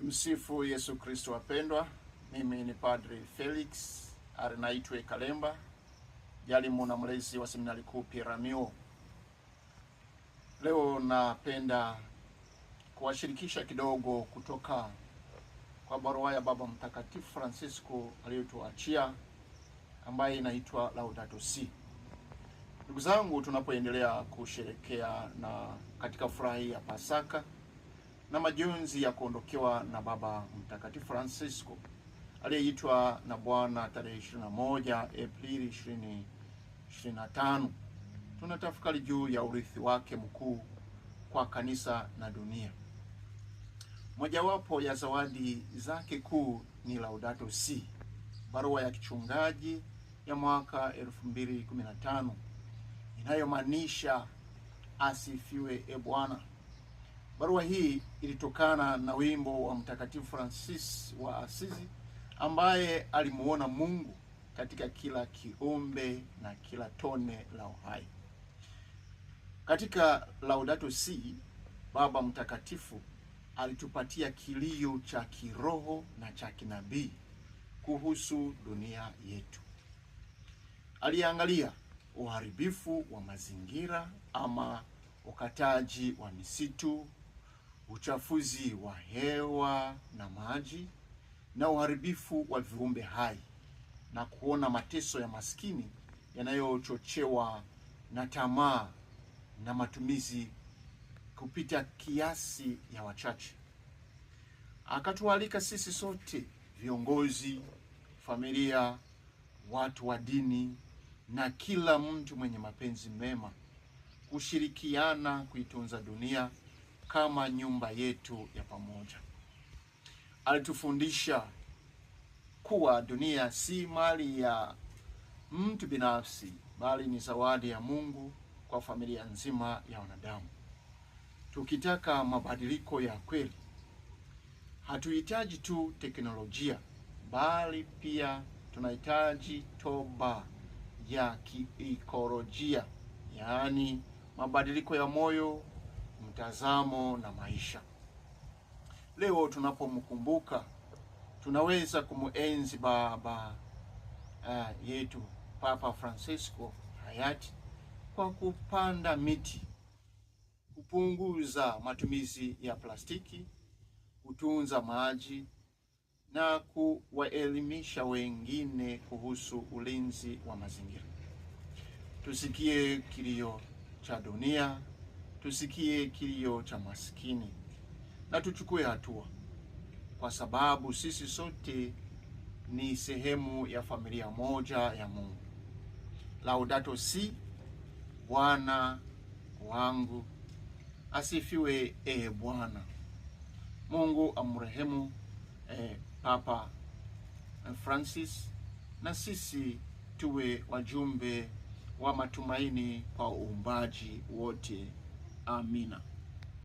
Tumsifu Yesu Kristo, wapendwa. Mimi ni Padri Felix Arnaitwe Kalemba, jalimu na mlezi wa seminari kuu Peramiho. Leo napenda kuwashirikisha kidogo kutoka kwa barua ya Baba Mtakatifu Francisco aliyotuachia ambaye inaitwa Laudato Si. Ndugu zangu, tunapoendelea kusherekea na katika furaha ya Pasaka na majonzi ya kuondokewa na Baba Mtakatifu Francisco aliyeitwa na Bwana tarehe 21 Aprili 2025. Tunatafakari juu ya urithi wake mkuu kwa kanisa na dunia. Mojawapo ya zawadi zake kuu ni Laudato Si, barua ya kichungaji ya mwaka 2015 inayomaanisha asifiwe e Bwana. Barua hii ilitokana na wimbo wa Mtakatifu Francis wa Asizi ambaye alimuona Mungu katika kila kiumbe na kila tone la uhai. Katika Laudato Si, Baba Mtakatifu alitupatia kilio cha kiroho na cha kinabii kuhusu dunia yetu. Aliangalia uharibifu wa mazingira ama ukataji wa misitu uchafuzi wa hewa na maji na uharibifu wa viumbe hai na kuona mateso ya maskini yanayochochewa na tamaa na matumizi kupita kiasi ya wachache. Akatualika sisi sote viongozi, familia, watu wa dini na kila mtu mwenye mapenzi mema kushirikiana kuitunza dunia kama nyumba yetu ya pamoja. Alitufundisha kuwa dunia si mali ya mtu binafsi, bali ni zawadi ya Mungu kwa familia nzima ya wanadamu. Tukitaka mabadiliko ya kweli, hatuhitaji tu teknolojia, bali pia tunahitaji toba ya kiikolojia, yaani mabadiliko ya moyo mtazamo na maisha. Leo tunapomkumbuka tunaweza kumuenzi baba uh, yetu Papa Francisco hayati kwa kupanda miti, kupunguza matumizi ya plastiki, kutunza maji na kuwaelimisha wengine kuhusu ulinzi wa mazingira. Tusikie kilio cha dunia tusikie kilio cha maskini na tuchukue hatua, kwa sababu sisi sote ni sehemu ya familia moja ya Mungu. Laudato si. Bwana wangu asifiwe. E Bwana Mungu amrehemu e, Papa Francis, na sisi tuwe wajumbe wa matumaini kwa uumbaji wote. Amina.